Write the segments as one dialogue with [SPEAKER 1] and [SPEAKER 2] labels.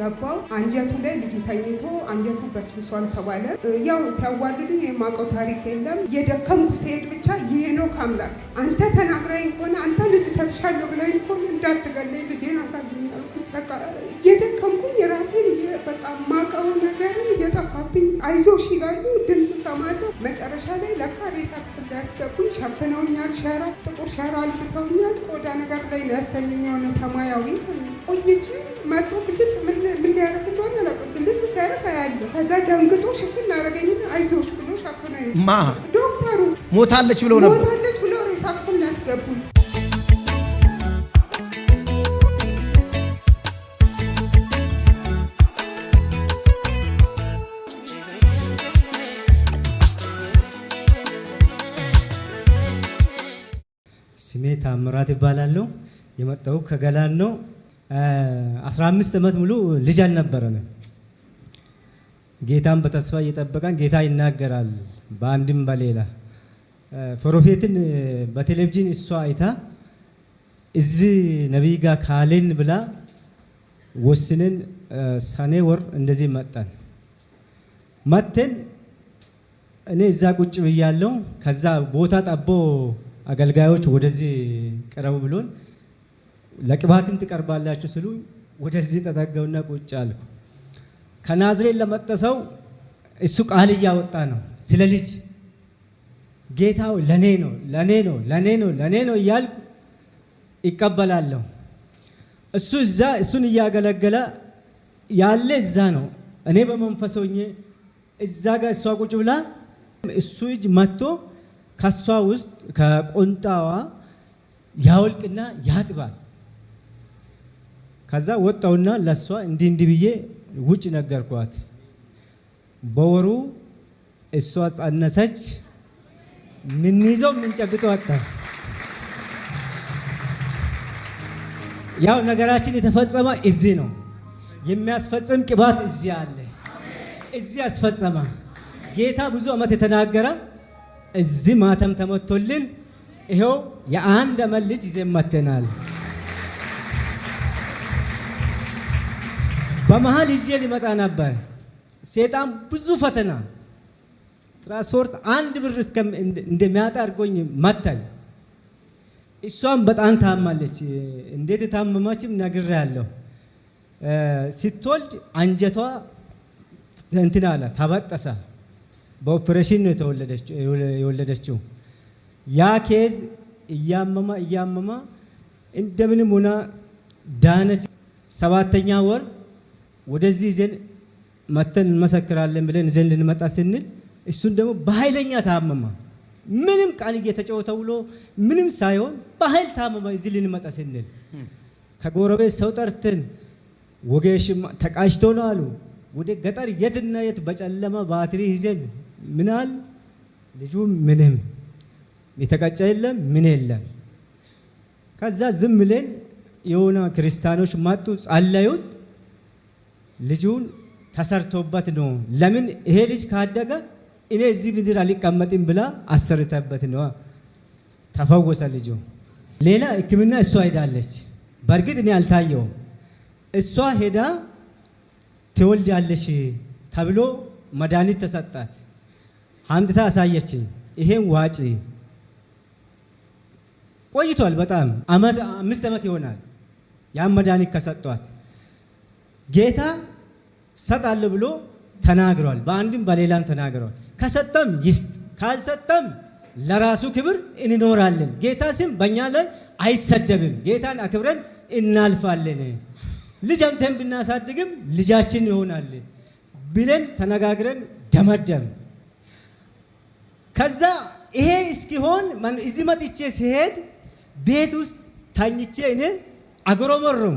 [SPEAKER 1] ገባው አንጀቱ ላይ ልጁ ተኝቶ አንጀቱ በስብሷል ተባለ። ያው ሲያዋልዱ የማውቀው ታሪክ የለም። የደከምኩ ሲሄድ ብቻ ይሄ ነው ካምላክ አንተ ተናግራኝ ከሆነ አንተ ልጅ ሰጥሻለሁ ብለኝ ከሆነ እንዳትገለኝ ልጄን አሳድኛለሁ በቃ እየደከምኩኝ የራሴን በቃ ማቀው ነገርን እየጠፋብኝ አይዞሽ ይላሉ፣ ድምፅ ሰማለሁ። መጨረሻ ላይ ለካ ሬሳ ክፍል ሊያስገቡኝ ሸፍነውኛል። ሸራ ጥቁር ሸራ አልብሰውኛል። ቆዳ ነገር ላይ ነው ያስተኙኝ፣ የሆነ ሰማያዊ ቆይቼ መቶ ብልጽ ምን ሊያደርግ እንደሆነ አላውቅም። ብልጽ ሲያደርግ አያለሁ። ከዛ ደንግጦ ሽፍን አደረገኝና አይዞሽ ብሎ ሸፍነ ዶክተሩ
[SPEAKER 2] ሞታለች ብለው ነበር
[SPEAKER 1] ሞታለች ብሎ ሬሳ ክፍል ሊያስገቡኝ
[SPEAKER 2] ስሜ ታምራት ይባላለሁ። የመጣው ከገላን ነው። 15 ዓመት ሙሉ ልጅ አልነበረንም። ጌታን በተስፋ እየጠበቀን ጌታ ይናገራል በአንድም በሌላ ፕሮፌትን በቴሌቪዥን እሷ አይታ እዚህ ነቢይ ጋር ካልን ብላ ወስንን ሰኔ ወር እንደዚህ መጣን። መተን እኔ እዛ ቁጭ ብያለሁ። ከዛ ቦታ ጠቦ አገልጋዮች ወደዚህ ቅረቡ ብሎን ለቅባትም ትቀርባላችሁ ስሉ ወደዚህ ተጠገውና ቁጭ አልኩ። ከናዝሬት ለመጠሰው ሰው እሱ ቃል እያወጣ ነው። ስለ ልጅ ጌታው ለኔ ነው ለኔ ነው ለኔ ነው ለኔ ነው እያልኩ ይቀበላለሁ። እሱ እዛ እሱን እያገለገለ ያለ እዛ ነው። እኔ በመንፈስ እዛ ጋር እሷ ቁጭ ብላ እሱ እጅ መጥቶ ከሷ ውስጥ ከቆንጣዋ ያወልቅና ያጥባል። ከዛ ወጣውና ለሷ እንዲህ እንዲህ ብዬ ውጭ ነገርኳት። በወሩ እሷ ጸነሰች። ምን ይዘው ምን ጨብጠው ወጣ? ያው ነገራችን የተፈጸመ እዚህ ነው። የሚያስፈጽም ቅባት እዚህ አለ። እዚህ ያስፈጸመ ጌታ ብዙ ዓመት የተናገረ እዚህ ማተም ተመቶልን ይኸው የአንድ አመት ልጅ ይዘን መተናል። በመሀል ይዤ ሊመጣ ነበር። ሴጣን ብዙ ፈተና ትራንስፖርት አንድ ብር እንደሚያጣ አድርጎኝ መታኝ። እሷም በጣም ታማለች። እንዴት የታመማችም ነግሬያለሁ። ስትወልድ አንጀቷ እንትን አለ ተበጠሰ። በኦፕሬሽን ነው የወለደችው። ያ ኬዝ እያመማ እያመማ እንደምንም ሆና ዳነች። ሰባተኛ ወር ወደዚህ ዘን መተን እንመሰክራለን ብለን ዘን ልንመጣ ስንል እሱን ደግሞ በኃይለኛ ታመማ። ምንም ቃል እየተጫወተ ውሎ ምንም ሳይሆን በኃይል ታመማ። እዚህ ልንመጣ ስንል ከጎረቤት ሰው ጠርተን ወገሽ ተቃጭቶ ነው አሉ። ወደ ገጠር የትና የት በጨለማ ባትሪ ይዘን ምናል ልጁ ምንም የተቀጨ የለም ምን የለም። ከዛ ዝም ብለን የሆነ ክርስቲያኖች መጡ፣ ጸለዩት። ልጁን ተሰርቶበት ነው። ለምን ይሄ ልጅ ካደገ እኔ እዚህ ምድር አልቀመጥም ብላ አሰርተበት ነው። ተፈወሰ ልጁ። ሌላ ህክምና እሷ ሄዳለች። በእርግጥ እኔ አልታየውም። እሷ ሄዳ ትወልዳለች ተብሎ መድኃኒት ተሰጣት። አምጥታ አሳየችኝ። ይሄን ዋጪ። ቆይቷል በጣም አምስት ዓመት ይሆናል። ያን መድኃኒት ከሰጧት ጌታ ሰጣል ብሎ ተናግሯል። በአንድም በሌላም ተናግሯል። ከሰጠም ይስጥ፣ ካልሰጠም ለራሱ ክብር እንኖራለን። ጌታ ስም በእኛ ላይ አይሰደብም። ጌታን አክብረን እናልፋለን። ልጅ አምተን ብናሳድግም ልጃችን ይሆናል ብለን ተነጋግረን ደመደም ከዛ ይሄ እስኪሆን እዚ መጥቼ ሲሄድ ቤት ውስጥ ታኝቼ እኔ አጉረመረሙ።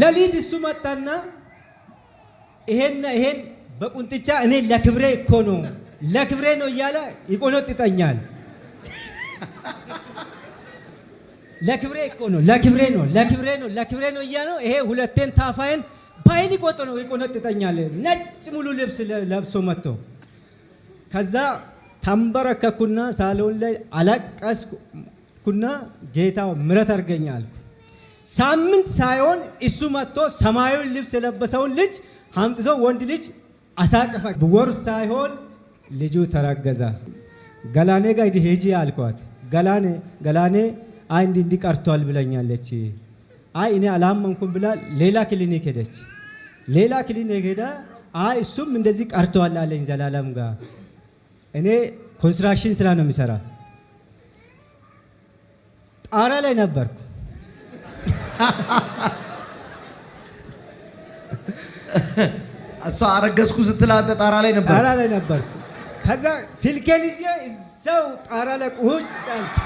[SPEAKER 2] ለሊት እሱ መጣና ይሄና ይሄን በቁንጥቻ እኔ ለክብሬ እኮ ነው ለክብሬ ነው እያለ ይቆነጥጠኛል። ለክብሬ እኮ ነው ለክብሬ ነው ለክብሬ ነው ለክብሬ ነው እያለ ይሄ ሁለቴን ታፋይን በኃይል ቆጥ ነው ይቆነጥጠኛል። ነጭ ሙሉ ልብስ ለብሶ መጥቶ ከዛ ተንበረከኩና ሳሎን ላይ አለቀስኩና ጌታ ምረት አድርገኝ አልኩ። ሳምንት ሳይሆን እሱ መጥቶ ሰማያዊ ልብስ የለበሰውን ልጅ አምጥቶ ወንድ ልጅ አሳቀፈ። ወር ሳይሆን ልጁ ተረገዛ። ገላኔ ጋር ሂጂ አልኳት። ገላኔ ገላኔ አንድ እንዲህ ቀርቷል ብለኛለች። አይ እኔ አላመንኩም ብላ ሌላ ክሊኒክ ሄደች። ሌላ ክሊኒክ ሄዳ አይ እሱም እንደዚህ ቀርቷል አለኝ ዘላለም ጋር እኔ ኮንስትራክሽን ስራ ነው የሚሰራ። ጣራ ላይ ነበርኩ። እሷ አረገዝኩ ስትል ጣራ ላይ ነበር ጣራ ላይ ነበርኩ። ከዛ ስልኬን ይዤ እዛው ጣራ ላይ ቁጭ አልኩ።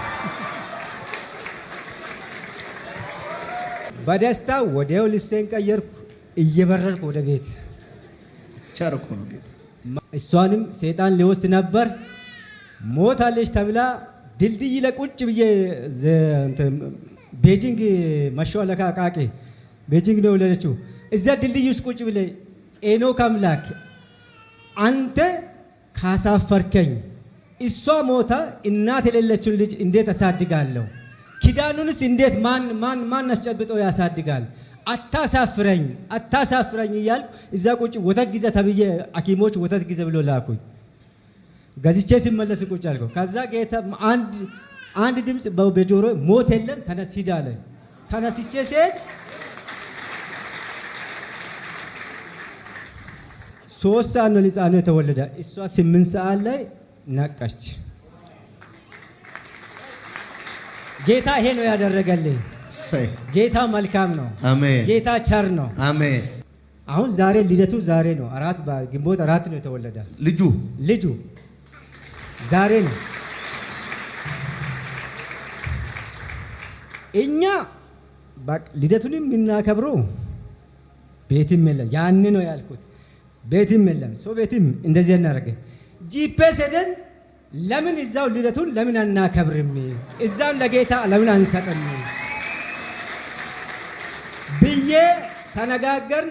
[SPEAKER 2] በደስታ ወዲያው ልብሴን ቀየርኩ። እየበረርኩ ወደ ቤት ቸርኩ ነው እሷንም ሴጣን ሊወስድ ነበር። ሞታለች ተብላ ድልድይ ለቁጭ ብዬ ቤጂንግ መሸዋ ለቃቃቂ ቤጂንግ ነው የወለደችው። እዚያ ድልድይ ውስጥ ቁጭ ብለ ኤኖክ አምላክ አንተ ካሳፈርከኝ እሷ ሞታ እናት የሌለችውን ልጅ እንዴት አሳድጋለሁ? ኪዳኑንስ እንዴት ማን ማን ማን አስጨብጦ ያሳድጋል? አታሳፍረኝ አታሳፍረኝ እያል እዛ ቁጭ ወተት ጊዜ ተብዬ ሐኪሞች ወተት ጊዜ ብሎ ላኩኝ። ገዝቼ ሲመለስ ቁጭ አልኩ። ከዛ ጌታ አንድ አንድ ድምፅ በጆሮ ሞት የለም ተነስ ሂድ አለ። ተነስቼ ሴት ሶስት ሰዓት ነው ህፃኑ የተወለደ። እሷ ስምንት ሰዓት ላይ ነቃች። ጌታ ይሄ ነው ያደረገልኝ። ጌታ መልካም ነው። አሜን። ጌታ ቸር ነው። አሜን። አሁን ዛሬ ልደቱ ዛሬ ነው። አራት ግንቦት አራት ነው የተወለደ ልጁ ልጁ ዛሬ ነው። እኛ ልደቱን የምናከብረው ቤትም የለም። ያን ነው ያልኩት። ቤትም የለም። ሰው ቤትም እንደዚህ እናደርገ ጂፔስ ሄደን ለምን እዛው ልደቱን ለምን አናከብርም? እዛን ለጌታ ለምን አንሰጠም? ብዬ ተነጋገርን።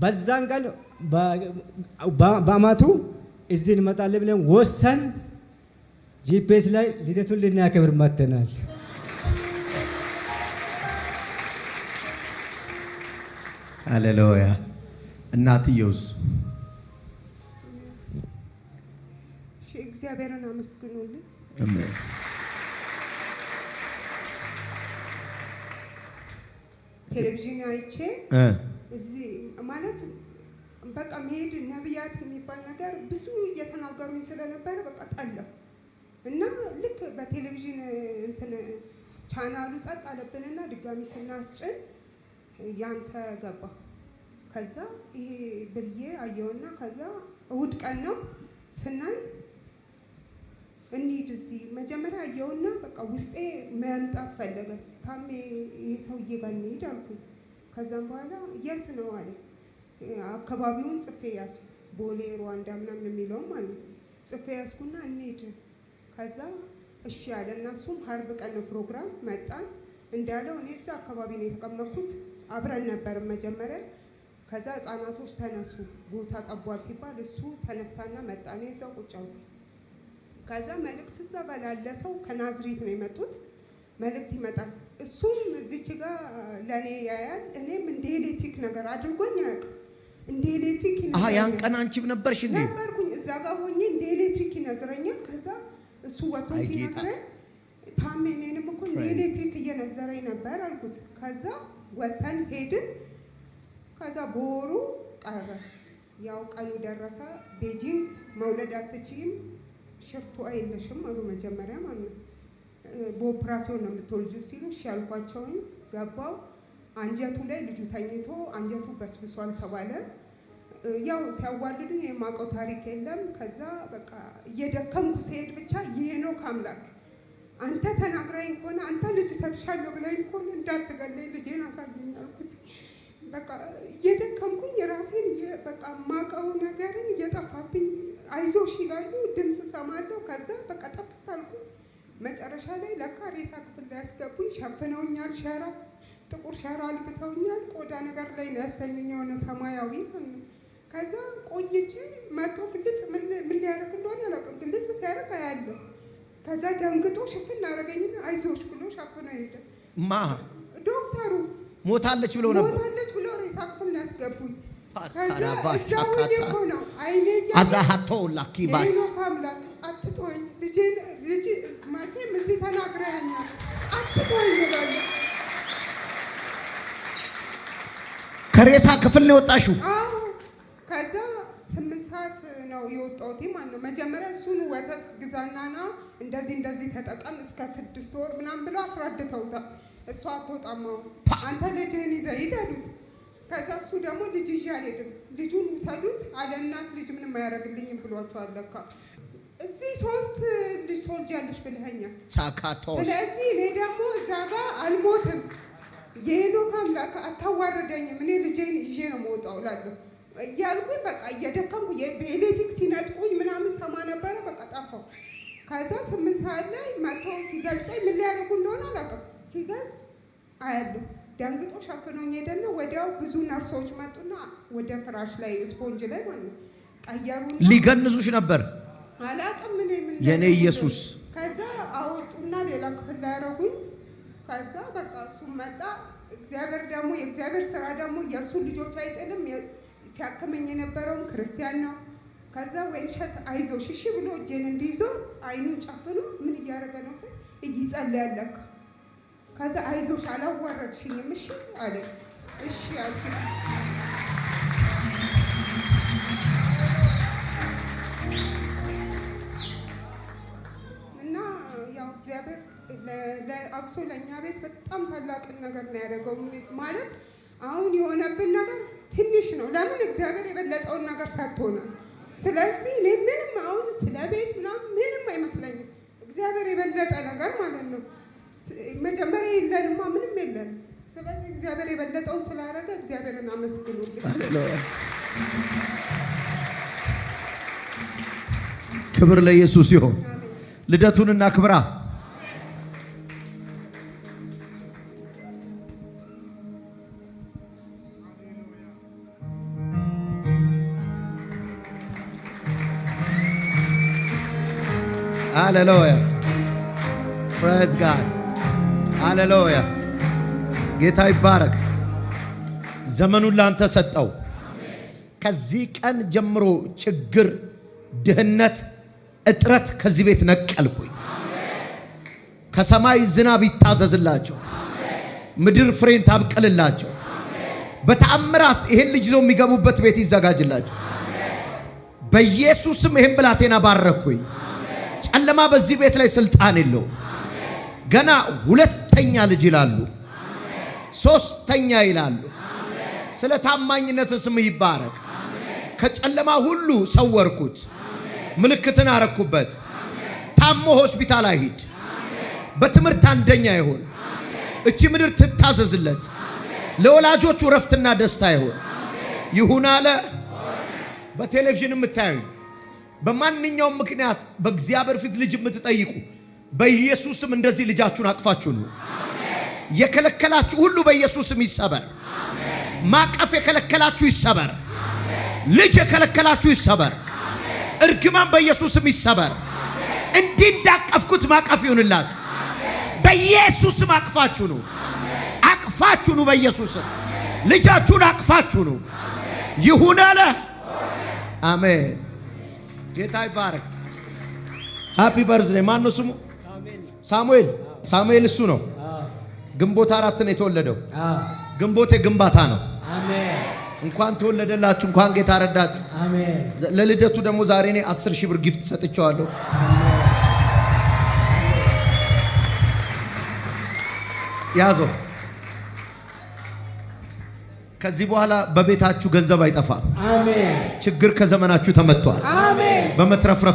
[SPEAKER 2] በዛን ቀን በአማቱ እዚህ እንመጣለን ብለን ወሰን ጂፒኤስ ላይ ልደቱን ልናከብር መጥተናል።
[SPEAKER 3] ሃሌሉያ። እናትየውስ
[SPEAKER 1] እግዚአብሔርን አመስግኑልን። ቴሌቪዥን አይቼ እዚህ ማለት በቃ መሄድ ነቢያት የሚባል ነገር ብዙ እየተናገሩኝ ስለነበረ በቃ ጠላው እና ልክ በቴሌቪዥን እንትን ቻናሉ ጸጥ አለብንና ድጋሚ ስናስጭን ያንተ ገባ። ከዛ ይሄ ብልዬ አየውና ከዛ እሑድ ቀን ነው ስናይ እንሂድ እዚህ መጀመሪያ አየውና በቃ ውስጤ መምጣት ፈለገ። ታሜ ይሄ ሰውዬ ጋር እንሂድ አልኩኝ። ከዛም በኋላ የት ነው አለ። አካባቢውን ጽፌ ያሱ ቦሌ ሩዋንዳ ምናምን የሚለው ማለት ጽፌ ያስኩና እንሂድ። ከዛ እሺ ያለ እና እሱም ሀርብ ቀን ፕሮግራም መጣን እንዳለው እኔ እዛ አካባቢ ነው የተቀመጥኩት። አብረን ነበር መጀመሪያ። ከዛ ህጻናቶች ተነሱ ቦታ ጠቧል ሲባል እሱ ተነሳና መጣ። እኔ እዛው ቁጭ አልኩኝ። ከዛ መልእክት እዛ ጋር ሰው ከናዝሬት ነው የመጡት መልእክት ይመጣል። እሱም እዚች ጋ ለእኔ ያያል። እኔም እንደ ኤሌክትሪክ ነገር አድርጎኝ አያውቅም። እንደ ኤሌክትሪክ
[SPEAKER 2] አሀ ያን ቀን አንቺም ነበርሽ
[SPEAKER 1] ነበርኩኝ። እዛ ጋር ሆኜ እንደ ኤሌክትሪክ ይነዝረኛል። ከዛ እሱ ወጥቶ ሲነግረኝ ታሜ እኔንም እኮ እንደ ኤሌክትሪክ እየነዘረኝ ነበር አልኩት። ከዛ ወጥተን ሄድን። ከዛ በወሩ ቀረ። ያው ቀኑ ደረሰ። ቤጂንግ መውለድ አትችይም ሸፍቶ አይለሽም አሉ መጀመሪያ ማለት ነው። በኦፕራሲዮን ነው የምትወልጁ ሲሉ እሺ ያልኳቸውኝ ገባው። አንጀቱ ላይ ልጁ ተኝቶ አንጀቱ በስብሷል ተባለ። ያው ሲያዋልዱኝ የማውቀው ታሪክ የለም። ከዛ በቃ እየደከምኩ ስሄድ ብቻ ይሄ ነው ከአምላክ አንተ ተናግራኝ ከሆነ አንተ ልጅ ሰጥሻለሁ ብላኝ ከሆነ እንዳትገለኝ ልጄን አሳየኝ አልኩት። በቃ እየደከምኩኝ የራሴን በቃ ማውቀው ነገርን እየጠፋብኝ አይዞሽ ይላሉ፣ ድምፅ ሰማለሁ። ከዛ በቃ ጠፍት አልኩ። መጨረሻ ላይ ለካ ሬሳ ክፍል ላይ ሸፍነውኛል፣ ሸራ ጥቁር ሸራ አልብሰውኛል። ቆዳ ነገር ላይ ነው ያስተኙኝ፣ የሆነ ሰማያዊ ማለት ነው። ከዛ ቆይቼ መቶ ግልጽ ምን ሊያደርግ እንደሆነ አላውቅም፣ ግልጽ ሲያደርግ አያለሁ። ከዛ ደንግጦ ሽፍን አደረገኝና አይዞሽ ብሎ ሸፍነው ሄደ። ማ ዶክተሩ
[SPEAKER 2] ሞታለች ብሎ ነበር
[SPEAKER 1] ሞታለች ብሎ ሬሳ ክፍል ነው ያስገቡኝ።
[SPEAKER 2] አዛሀቶ ከሬሳ ክፍል ነው የወጣሽው።
[SPEAKER 1] ከዛ ስምንት ሰዓት ነው የወጣሁት ማለት ነው። መጀመሪያ እሱን ወተት ግዛናና እንደዚህ እንደዚህ ተጠቀም እስከ ስድስት ወር ምናምን ብለው አስራድተውታል። እሷ አትወጣም አንተ ልጅህን ይዘህ ሂድ አሉት። ከዛ እሱ ደግሞ ልጅ ይዤ አልሄድም፣ ልጁን ውሰዱት አለ። እናት ልጅ ምንም አያደርግልኝም ብሏቸዋል ለካ እዚህ ሶስት ልጅ ትወልጃለሽ ብለኸኛል። ስለዚህ እኔ ደግሞ እዛ ጋር አልሞትም። የሄኖክ አምላክ አታዋርደኝም፣ እኔ ልጄን ይዤ ነው መውጣው እላለሁ እያልኩኝ በቃ እየደከምኩ በኤሌክትሪክ ሲነጥቁኝ ምናምን ሰማ ነበረ። በቃ ጠፋሁ። ከዛ ስምንት ሰዓት ላይ መጥተው ሲገልጸኝ ምን ሊያደርጉ እንደሆነ አላውቅም። ሲገልጽ አያለሁ ደንግጦ ሸፍኖኝ ሄደና ወዲያው ብዙ ነርሶች መጡና ወደ ፍራሽ ላይ ስፖንጅ ላይ ማለት
[SPEAKER 2] ነው ሊገንዙሽ ነበር።
[SPEAKER 1] አላቅም ምን ምን
[SPEAKER 2] የኔ ኢየሱስ።
[SPEAKER 1] ከዛ አወጡና ሌላ ክፍል ላይ አረጉኝ። ከዛ በቃ እሱም መጣ። እግዚአብሔር ደግሞ የእግዚአብሔር ስራ ደግሞ የእሱን ልጆች አይጥልም። ሲያክመኝ የነበረውም ክርስቲያን ነው። ከዛ ወይሸት አይዞሽ እሺ ብሎ እጄን እንዲይዞ አይኑን ጨፍኖ ምን እያደረገ ነው ስል እይጸለያለክ ከዛ አይዞሽ አላዋረድሽኝም እሺ አለ። እሺ አልኩት። እና ያው እግዚአብሔር አብሶ ለእኛ ቤት በጣም ታላቅን ነገር ነው ያደረገው። ማለት አሁን የሆነብን ነገር ትንሽ ነው። ለምን እግዚአብሔር የበለጠውን ነገር ሰጥቶናል። ስለዚህ እኔ ምንም አሁን ስለ ቤት ምናምን ምንም አይመስለኝም። እግዚአብሔር የበለጠ ነገር ማለት ነው መጀመሪያ የለንማ ምንም የለን። ስለዚህ እግዚአብሔር የበለጠውን ስላደረገ እግዚአብሔርን አመስግኑ።
[SPEAKER 2] ክብር ለኢየሱስ ይሁን። ልደቱንና ክብራ ሃሌሉያ ፕሬዝ ጋድ ሃሌሉያ ጌታ ይባረክ። ዘመኑን ላንተ ሰጠው። ከዚህ ቀን ጀምሮ ችግር፣ ድህነት፣ እጥረት ከዚህ ቤት ነቀልኩኝ። ከሰማይ ዝናብ ይታዘዝላቸው፣ ምድር ፍሬን ታብቅልላቸው። በተአምራት ይሄን ልጅ ይዘው የሚገቡበት ቤት ይዘጋጅላቸው። በኢየሱስም ይህን ብላቴና ባረኩኝ። ጨለማ በዚህ ቤት ላይ ስልጣን የለው። ገና ሁለት ሶስተኛ ልጅ ይላሉ። ሶስተኛ ይላሉ። ስለ ታማኝነት ስም ይባረክ። ከጨለማ ሁሉ ሰወርኩት፣ ምልክትን አረኩበት። ታሞ ሆስፒታል አይሂድ፣ በትምህርት አንደኛ ይሆን። እቺ ምድር ትታዘዝለት። ለወላጆቹ እረፍትና ደስታ ይሆን ይሁን አለ። በቴሌቪዥን የምታዩኝ በማንኛውም ምክንያት በእግዚአብሔር ፊት ልጅ የምትጠይቁ በኢየሱስም እንደዚህ ልጃችሁን አቅፋችሁ ነው። የከለከላችሁ ሁሉ በኢየሱስም ይሰበር። ማቀፍ የከለከላችሁ ይሰበር። ልጅ የከለከላችሁ ይሰበር። እርግማን በኢየሱስም ይሰበር። እንዲህ እንዳቀፍኩት ማቀፍ ይሁንላችሁ። በኢየሱስም አቅፋችሁ ነው። አቅፋችሁ ነው። በኢየሱስም ልጃችሁን አቅፋችሁ ነው። ይሁን አለ። አሜን። ጌታ ይባረክ። ሃፒ በርዝዴ። ማን ስሙ? ሳሙኤል ሳሙኤል እሱ ነው። ግንቦት አራት ነው የተወለደው። ግንቦት የግንባታ ነው። እንኳን ተወለደላችሁ፣ እንኳን ጌታ ረዳችሁ። ለልደቱ ደግሞ ዛሬ እኔ አስር ሺህ ብር ጊፍት ሰጥቼዋለሁ። ያዘው። ከዚህ በኋላ በቤታችሁ ገንዘብ አይጠፋም። ችግር ከዘመናችሁ ተመቷል።
[SPEAKER 3] በመትረፍረፍ